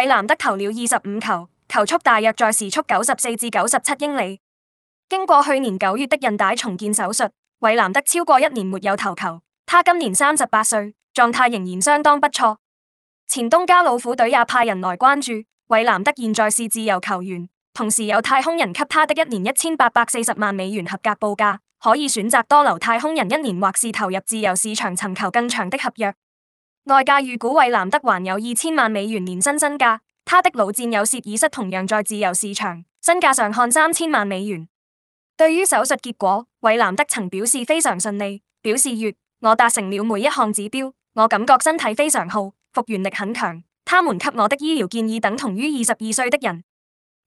韋藍德投了二十五球，球速大約在時速九十四至九十七英里。經過去年九月的韌帶重建手術，韋藍德超過一年沒有投球。他今年三十八歲，狀態仍然相當不錯。前東家老虎隊也派人來關注。韋藍德現在是自由球員，同時有太空人給他的一年一千八百四十萬美元合格報價，可以選擇多留太空人一年，或是投入自由市場尋求更長的合約。外界預估韋藍德還有二千萬美元年薪身價，他的老戰友塞爾同樣在自由市場，身價上看三千萬美元。對於手術結果，韋藍德曾表示非常順利，表示說我達成了每一項指標，我感覺身體非常好，復原力很強。他們給我的醫療建議等同於二十二歲的人。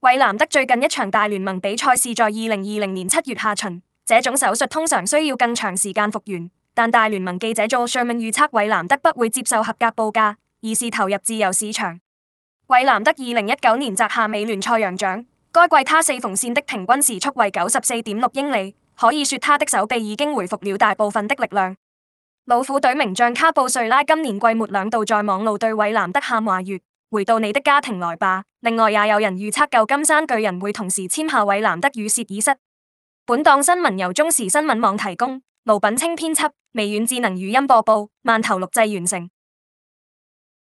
韋藍德最近一場大聯盟比賽是在二零二零年七月下旬，這種手術通常需要更長時間復原。但大聯盟記者做上面預測，韋藍德不會接受合格報價，而是投入自由市場。韋藍德二零一九年摘下美聯賽揚獎，該季他四縫線的平均時速為九十四點六英里，可以說他的手臂已經回復了大部分的力量。老虎隊名將卡布瑞拉今年季末兩度在網路對韋藍德喊話，月，回到你的家庭來吧。另外也有人預測舊金山巨人會同時簽下韋藍德與薛爾塞。本檔新聞由中時新聞網提供。盧品清編輯，微軟智能語音播報，萬頭錄製完成。